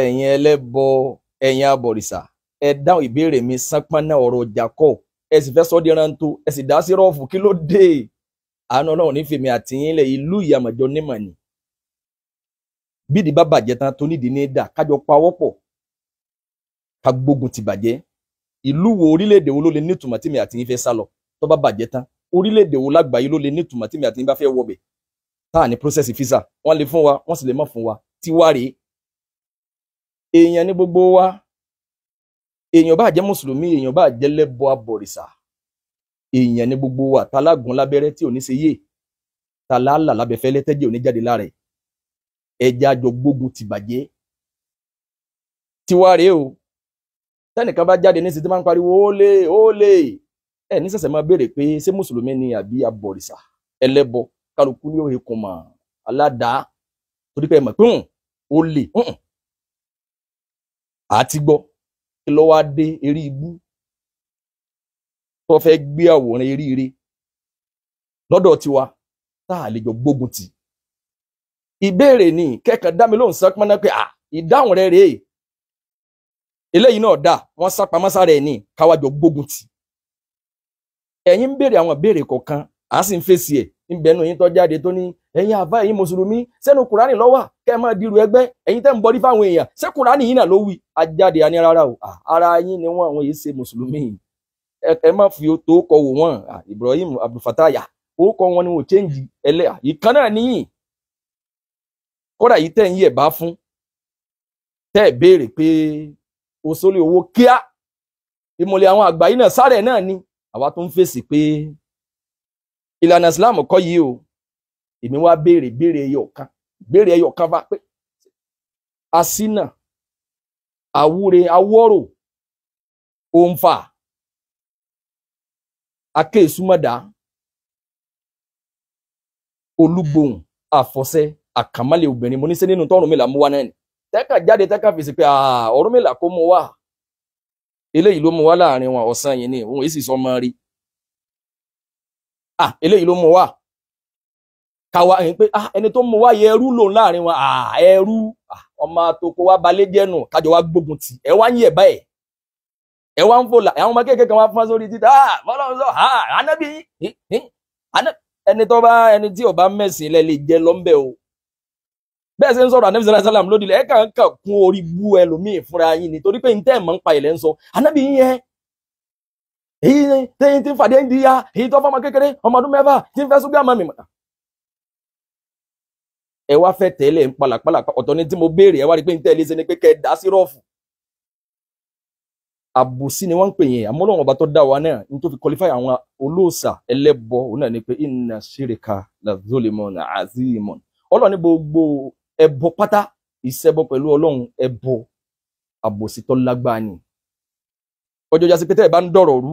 ẹ̀yin ẹlẹ́bọ ẹ̀yin abọ̀rìṣà ẹ dáhùn ìbéèrè mi sánpọ́nà ọ̀rọ̀ Jacob ẹ sì fẹ́ sọ di rántó ẹ sì dá sí rọ́ọ̀fù kí ló dé àánú Ọlọ́run nífẹ̀mí àtìyín lẹ̀ ìlú ìyàmọ̀jọ nímọ̀ ni bídìí bá bàjẹ́ tán tó nídìí ní dà kájọ pawọ́ pọ̀ ká gbógun ti bàjẹ́ ìlú wo orílẹ̀ wo ló lè nítumọ̀ tí mi àtìyín fẹ́ sá lọ tó bá bàjẹ́ tán orílẹ̀-èdè wo lágbàáyé ló lè nítumọ̀ tí mi àtìyín bá fẹ́ wọbẹ̀ tá à ní process visa wọ́n lè fún wa wọ́n sì lè má fún wa tiwa rèé èèyàn ní gbogbo wa èèyàn bá jẹ́ mùsùlùmí èèyàn bá jẹ́ lẹ́bọ abọ̀rìṣà èèyàn ní gbogbo wa ta lágùn lábẹ́rẹ́ tí ò ní ṣe yé ta láàlà lábẹ́ fẹ́lẹ́ tẹ́jẹ́ ò ní jáde lára ẹ̀ ẹja jọ gbógun ti bàjẹ́ tiwa rèé o tẹnìkan bá jáde níṣẹ́ tí máa ń pariwo ólè ólè ẹ ní máa béèrè pé ṣé mùsùlùmí ni àbí abọ̀rìṣà ẹlẹ́bọ kálukú ní òye kùn aládàá torí pé pé ó lè àti gbọ́ kí ló wá dé erí ibú tó fẹ́ gbé àwòrán eré ire lọ́dọ̀ tiwa tá a lè jọ gbógun tì ìbéèrè ni kẹ́kàn dá mi lóhùn sápamọ́ pé à ìdáhùn rẹ rèé eléyìí náà dà wọ́n sápamọ́ sára ẹ̀ ní káwá jọ gbógun tì ẹ̀yin ń béèrè àwọn ìbéèrè kọ̀ọ̀kan à á sì ń fèsì ẹ̀ ń bẹnu yín tọ́ jáde tó ní ẹ̀yin àbá ẹ̀yin mùsùlùmí sẹ́nu kùránì ló wà kẹ́ máa dirò ẹgbẹ́ ẹ̀yin tẹ́ ń bọrí fáwọn èèyàn ṣé kùránì yìí náà ló wí ajáde àní rárá o ara yín ni wọn àwọn yìí ṣe mùsùlùmí ẹ má fi tó kọ wò wọn Ibrahim Abdulfataya ó kọ wọn ni wọn ò chẹ́ǹgì ẹlẹ́ ìkan náà níyìn kódà yìí tẹ̀ ń yẹ̀ bá fún tẹ́ ẹ̀ béèrè pé o sólè owó kíá ìmọ̀lẹ̀ àwọn àgbà yìí náà sáré náà ni àwa tó ń fèsì pé ìlànà Islam kọ́ yìí o èmi wá béèrè béèrè ẹyọ kan béèrè ẹyọ kan bá pé asínà àwúre awọ́rò òǹfà akéésúmọ̀dá olúgbòhùn àfọ̀ṣẹ àkàmálẹ̀ obìnrin mo ní sẹ́ nínú tọ́rùn mi là mú wá náà ni tẹ́ka jáde tẹ́ka fèsì pé ọ̀rùn mi là kó mu wá eléyìí ló mu wá láàrin wọn ọ̀sán yìí ni òun èsì sọmọ rí eléyìí ló mu wá káwa ẹ̀yìn pé ah, ẹni tó mú wá yẹ ẹrú lòun láàrin wọn ah, ẹrú ah, ọmọ àtòkò wa balẹ̀ jẹ́nu kájọ wa gbógun tì ẹ wá ń yẹ̀ báyìí ẹ wá ń fòlà àwọn ọmọ kéékèèké kan wá fún wa sórí títà bọ́lọ́run sọ ànábì ẹni tó bá ẹni tí ò bá mẹ̀sìn lẹ lè jẹ lọ́nbẹ̀ o bẹ́ẹ̀ ṣe ń sọ̀rọ̀ ànábì sọ́lá sálàm lódìlẹ̀ ẹ kàn kàn kún orí bú ẹlòmíì fúnra yín ni torí pé n tẹ́ ẹ̀ mọ́ ń pa ilẹ̀ ń sọ ànábì yẹn èyí tẹ́yìn tí ń fàdé ń di ya èyí tó fọmọ kékeré ọmọ ọdún mẹ́fà tí ń fẹ́ sógbé àmọ́ mi mọ́ta ẹ wá fẹ́ tẹ́lẹ̀ ń palàpalà ọ̀tọ̀ ni tí mo béèrè ẹ wá rí pé ń tẹ́lẹ̀ ṣe ni pé kẹ́ ẹ dá sí rọ́ọ̀fù àbòsí ni wọ́n ń pè yẹn àmọ́ Ọlọ́run ọba tó dá wa náà ní tó fi qualify àwọn olóòṣà ẹlẹ́bọ òun náà ni pé inna shirika la zulimon azimon Ọlọ́run ní gbogbo ẹbọ pátá ìṣẹbọ pẹ̀lú Ọlọ́run ẹbọ àbòsí tó lágbára ni ọjọ́ jásí pété ẹ̀ bá ń dọ̀rọ̀ rú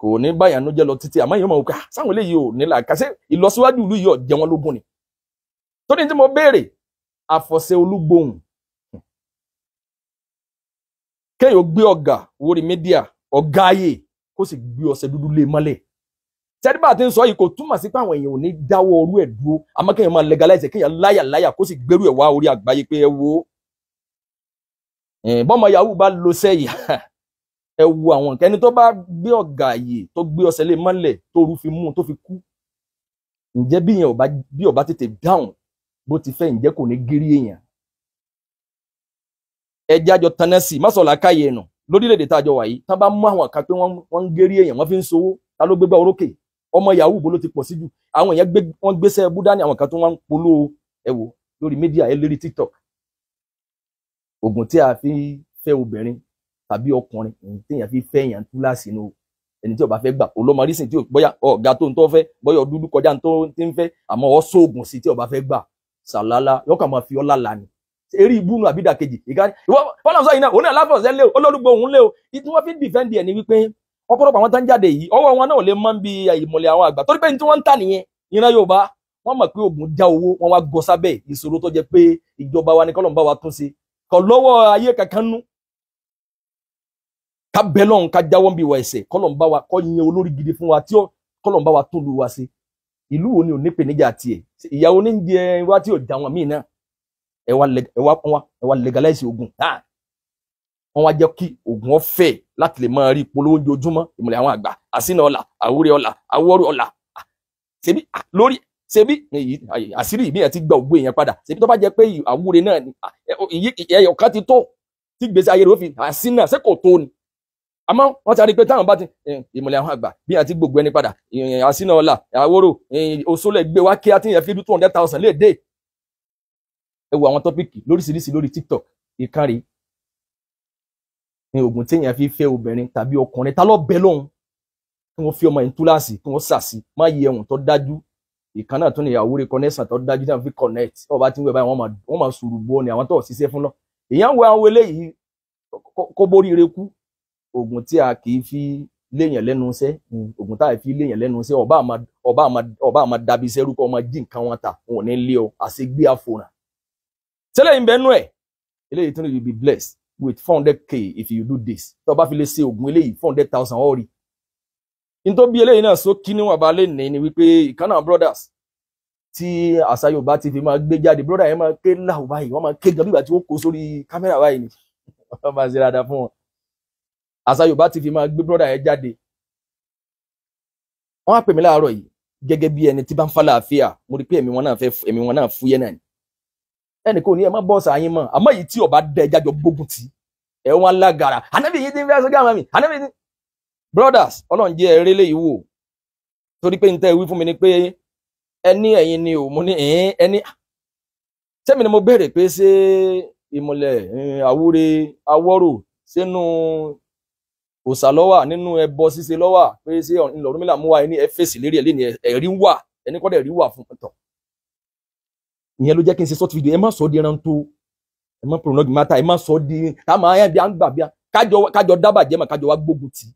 kò ní báyànú jẹ́ lọ títí àmọ́ ìyẹn mọ̀ wò ká ah, sáwọn eléyìí ò nílà kásẹ̀ ìlọsíwájú ìlú yìí ọ̀ jẹ́ wọn lógún ni torí tí mo béèrè àfọ̀ṣẹ olúgbòhùn kéèyàn gbé ọ̀gá wórí mídíà ọ̀gá ayé kó sì gbé ọṣẹ dúdú lé e mọ́lẹ̀ sẹ́díbà tí ń sọ yìí kò túmọ̀ sí pé àwọn èèyàn ò ní dáwọ́ orú ẹ̀ dúró àmọ́ kéèyàn máa legalize kéèyàn láyà láyà kó sì gbérú ẹ̀ wá orí àgbáyé pé ẹ wo bọ́mọ yahoo bá lo sẹ́yì ẹ wo àwọn ẹni tó bá gbé ọ̀gá ayé tó gbé ọṣẹ lé e mọ́lẹ̀ tó rú fi mú tó fi kú ǹjẹ́ bí ìyẹn tètè dáhùn bó ti fẹ́ ǹjẹ́ kò ní gírí èèyàn ẹjẹ́ àjọ tanná sí má sọ̀rọ̀ àkáyé nù lórílẹ̀‐èdè tá a jọ wà yìí tá a bá mú àwọn kan pé wọ́n ń gírí èèyàn wọ́n fi ń sowó ta ló gbégbá orókè ọmọ yahoo bó ló ti pọ̀ sí jù àwọn èèyàn wọ́n gbéṣẹ́ búdá ní àwọn kan tó wọ́n ń polówó ẹ lórí mídíà ẹ lórí tiktok oògùn tí a fi fẹ́ obìnrin tàbí ọkùnrin téèyàn fi fẹ́ èèyàn túláàsì nù ẹni tí ó bá fẹ́ gbà olómọrísìn tí bóyá ọ̀gá tó ń tọ́ fẹ́ bóyá ọdúdú kọjá tó ń fẹ́ àmọ́ ọ sóògùn sí tí ó fẹ́ gbà sàlálà yóò kàn máa fi ọlá là ní eré ibùnú àbídà kejì ìka ìwọ fọlọ́n sọ yìí náà òun náà láfọ̀ọ́sẹ́ lé o olólùgbò òun lé o tí wọ́n fi ń dìfẹ́ǹdì ẹ̀ ní wípé ọ̀pọ̀lọpọ̀ àwọn tó ń jáde yìí ọwọ́ wọn náà lè mọ́ ń bi ìmọ̀lẹ̀ àwọn àgbà torí pé tí wọ́n ń tà nìyẹn ìran Yorùbá wọ́n mọ̀ pé ogun já owó wọ́n wá gọ sábẹ́ ìṣòro tó jẹ́ pé ìjọba wa ni kọ́lọ̀ ń bá wa tún ṣe kọ́ lọ́wọ́ ayé kankan nú ká bẹ́ lọ́hùn ká jáwọ́ ń bi ìwà ẹ̀ṣẹ̀ kọ́lọ̀ bá wa kọ́ yẹn olórí gidi fún wa tí kọ́lọ̀ bá wa tún lu wa ṣe ìlú wo ni ò ní pèníjà tiẹ̀ ìyàwó ní jẹ wá tí ò já wọn míì náà ẹ wá ẹ wá legalize ogun náà ah! wọn wá jẹ kí ogun ọ̀fẹ́ láti lè máa rí polówó ojoojúmọ́ ìmọ́lẹ̀ àwọn àgbà àsínà ọlà àwúrẹ ọlà àwọrẹ ọlà ah! ṣebí ah, lórí ṣebí àṣírí ìbí yẹn ti gba ògbó yẹn padà ṣebí tó bá jẹ pé àwúrẹ náà ẹyọkan ti tó tí gbèsè ayé rẹ fi àsínà ṣé tó ni àmọ́ wọ́n ti rí i pé táwọn bá ti eh, ìmọ́lẹ̀ àwọn àgbà bí àti gbogbo ẹni padà àsínà ọ̀la àwòrò òṣòlẹ̀ gbé wá kí á ti yẹn fi two hundred thousand léèdè ẹ wo àwọn tọ́pìkì lóríṣiríṣi lórí tiktok ìkárì ní oògùn téèyàn fi fẹ́ obìnrin tàbí ọkùnrin ta ló bẹ lóhun kí wọ́n fi ọmọ yìí túláàsì kí wọ́n sàsì má yẹ ẹ̀wọ̀n tó dájú ìkan náà tún ní ìyàwó rẹ connection tó dájú náà fi connect tí wọ́n bá wọn oògùn tí a kì í fi léèyàn lẹ́nu iṣẹ́ hmm, oògùn tá a fi léèyàn lẹ́nu iṣẹ́ ọba àmà ọba àmà ọba àmà dàbí iṣẹ́ ọmọ jí nǹkan wọn ta òun ní lé ọ àṣegbé àfòràn tẹ́lẹ̀ yìí bẹ́ẹ̀ ẹ̀ eléyìí tún you be blessed with four hundred k if you do this tó o bá fi lè ṣe oògùn eléyìí four hundred thousand ọ̀rì n tó bí eléyìí náà sọ kí níwọ̀n abalẹ̀ ní ni wípé ìkànnà brothers tí àṣà yorùbá ti fi máa gbé jáde brother yẹn máa ké láwùbáyìí wọ́n máa ké gan bí ìgbà tí ó kó sórí kámẹ́rà báyìí ni wọ́n máa ṣe dáadáa fún wọn àṣà yorùbá ti fi máa gbé brọ́dà yẹn jáde wọ́n á pè mí láàárọ̀ yìí gẹ́gẹ́ bí ẹni tí bá ń fa mo rí pé ẹ̀mí wọn náà fẹ́ ẹ̀mí wọn náà fúyẹ́ náà ni ẹnì kò ní ẹ má bọ́ ọ̀sà yín mọ́ àmọ́ èyí tí ọba dẹ ẹja jọ gbógun ti ẹ wọn lágara ànábì yìí ti ń fẹ́ sọ́gá mi ànábì yìí brothers ọlọ́run jẹ́ eré léyìí wò torí pé níta ìwí fún mi ni pé ẹni ẹ̀yin ni ò mo ní ẹni sẹ́mi ah. ni mo béèrè pé ṣé ìmùlẹ̀ àwúre awọ́rò sínú òòsà lọ́wà nínú ẹbọ ṣíṣe lọ́wà pé ṣé ìlọ̀rúnmìlà mú wa ẹni ẹ fèsì lérí ẹ léni ẹ̀rí wà ẹni kọ́ dẹ̀ rí wà fún tọ̀ ìyẹn ló jẹ́ kí n ṣe sọ́ọ̀tì fídíò ẹ má sọ ọ́ di ẹran tó ẹ má prologue matter ẹ má sọ ọ́ di ká máa yẹn bí à ń gbà bí kájọ dábàjẹ́ mà kájọ wá gbógun tì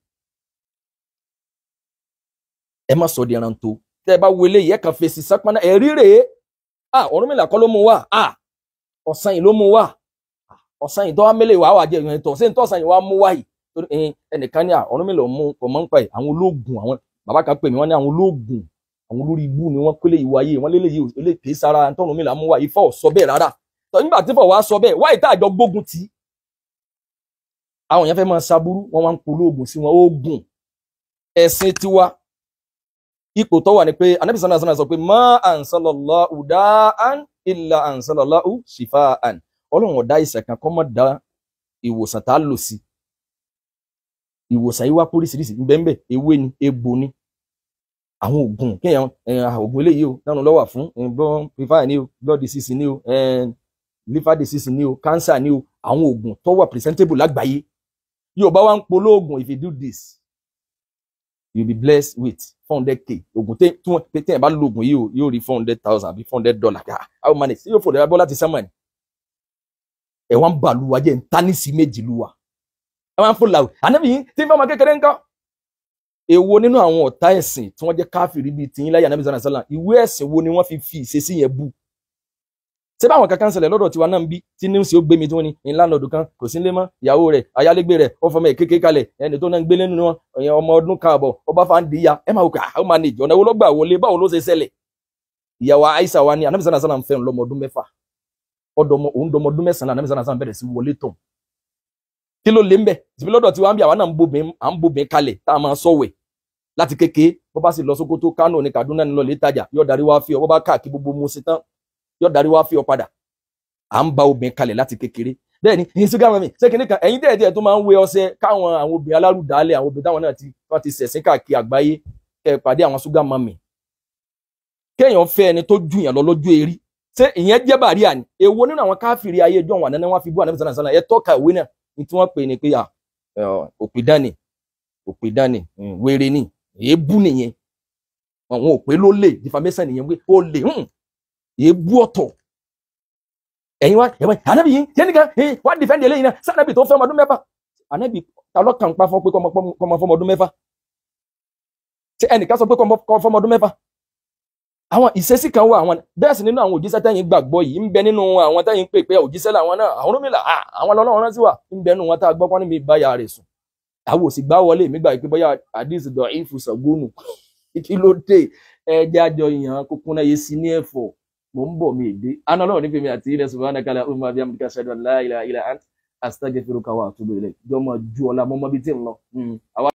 ẹ má sọ ọ́ di ẹran tó tẹ ẹ bá wo eléyìí ẹ kàn fèsì sápánà ẹ̀rí rèé Ọ̀rúnmìlà kọ́ ló mú wá à Ọ̀sanyìn ló mú wá Ọ̀sanyìn tó wá mélèé wàá wà jẹ́ ìrìn tó ṣé ń tọ́sàn yìí wá mú wá ẹnìkan ní ọ̀run mélòó mú kò mọ́ ń pa ẹ̀ àwọn olóògùn àwọn bàbá kan pè mí wọ́n ní àwọn olóògùn àwọn olórí ibú ni wọ́n kólé ìwà ayé wọ́n lélẹ̀ yìí ó lè pè é sára tọ́run mélòó mú wa Ifá ò sọ bẹ́ẹ̀ rárá nígbà tí fọ̀ wá sọ bẹ́ẹ̀ wáyé tá àjọ gbógun tì í àwọn èèyàn fẹ́ máa ṣaburú wọ́n wá ń polóògùn sí wọn oògùn ẹ̀sìn tiwa ipò tó wà ní pé anabi sanna sanna ma ansalallahu da'an illa ansalallahu shifaan ọlọ́run ọ̀dá ìṣẹ̀kan kọ́ mọ́ da ìwòsàn tá a lò sí ìwòsàn yìí wá póríṣiríṣi ńbẹ́ńbẹ́ ewé ni egbò ni àwọn oògùn kéèyàn oògùn eh, ah, eléyìí o dánu lọ́wà fún eh, bọ́n pífà ni o blood disease ni o eh, liver disease ni o cancer ni o àwọn oògùn tó wà presentable lágbàáyé yóò bá wa ń polóògùn if you do this you be blessed with four hundred k oògùn tẹ tí wọn pé tẹyìn bá lo oògùn yìí o yóò rí four hundred thousand àbí four hundred dollar ká ah, how many ṣé yóò fò lè bọ́ láti sẹ́mọ̀ ni ẹ̀wọ̀n bàlùwà jẹ́ ń ta ní sí ẹ máa ń fò làwẹ̀ ànábì yín tí ń fẹ́ ọmọ kékeré ń kọ́. èwo nínú àwọn ọ̀tá ẹ̀sìn tí wọ́n jẹ́ káfìrí bíi tìyín láyé ànábì sàlá sàlá ìwé ẹ̀sìn wo ni wọ́n fi fi ìṣesí yẹn bú. ṣé báwọn kankan ṣẹlẹ̀ lọ́dọ̀ tiwa náà ń bí tí ní ṣe ó gbé mi tí wọ́n ní ńláńlọ́dù kan kò sí lémọ́ ìyàwó rẹ̀ ayálégbé rẹ̀ ó fọmọ kékeré kalẹ̀ ẹni tó náà ń gbé lẹ́nu wọn ọmọ ọdún káàbọ̀ ọba fàǹdíyà ẹ máa wò ká ah, ó máa nìjọ ọ̀nà olóògbà wọlé báwo ló ṣe ṣẹlẹ̀ ìyàwó Aisha wa ni ànábì sàlá sàlá ń fẹ́ràn lọ́mọ kí ló lé ń bẹ̀ tìbí lọ́dọ̀ tí wọ́n bí àwa náà ń bobìn à ń bobìn kalẹ̀ tá a máa sọ̀wẹ̀ láti kékeré bó bá sì lọ Sókótó Kánò ní Kaduna ní lọlẹ ìtajà yóò darí wá fi ọ bó bá káàkiri gbogbo mu sí tán yóò darí wá fi ọ padà à ń ba obìn kalẹ̀ láti kékeré bẹ́ẹ̀ ni ìyìn sígámọ mi ṣé kìnìkan ẹ̀yin díẹ̀ díẹ̀ tó máa ń wé ọṣẹ káwọn àwọn obìnrin alárùdálẹ àwọn obìnrin táwọn náà ti wọn ti ṣẹ̀sìn káàkiri àgbáyé kẹ pàdé àwọn sígámọ mi kéèyàn fẹ́ ẹni tó ju yàn lọ lójú erí ṣé ìyẹn jẹ́ bàríà ni èwo nínú àwọn káfíìrì ayé ìjọ àná ni wọn fi bú àná ní tí wọ́n pè ní pé òpìdánì òpìdánì hm, wèrè ni èébú nìyẹn àwọn òpè ló lè defamation nìyẹn pé ó lè hm, èébú ọ̀tọ̀ ẹ̀yin wa ẹ̀wọ̀n ànábì yìí yẹn nìkan wá dìfẹ́ǹdì eléyìí náà sànábì tó fẹ́ ọmọ ọdún mẹ́fà ànábì ọlọ́kàn pa fọ́ pé kọ́mọ fọ́mọ ọdún mẹ́fà ṣé ẹnìkan sọ pé kọ́mọ fọ́mọ ọdún mẹ́fà àwọn ìṣesí kan wà àwọn bẹ́ẹ̀ sì nínú àwọn òjíṣẹ́ tẹ́yìn gbàgbọ́ yìí ń bẹ nínú àwọn tẹ́yìn pè pé òjíṣẹ́ làwọn náà àwọn olómìnira àwọn ọlọ́run rántí wà ń bẹ nínú wọn tá a gbọ́ pọ́n níbi báyà rẹ̀ sùn àwọn òsì gbá wọlé mi gbà pé bóyá àdìsí dọ̀ ìfù sọ̀gónù kí ló dé ẹjẹ́ àjọ ìyàn kúkúnná yé sí ní ẹ̀fọ́ mò ń bọ̀ mí èdè aná ọlọ́run nífẹ̀ẹ́ mi àti ilẹ̀ sọ̀rọ̀ anakala ọmọ abiyam bí kàṣẹ́ dọ̀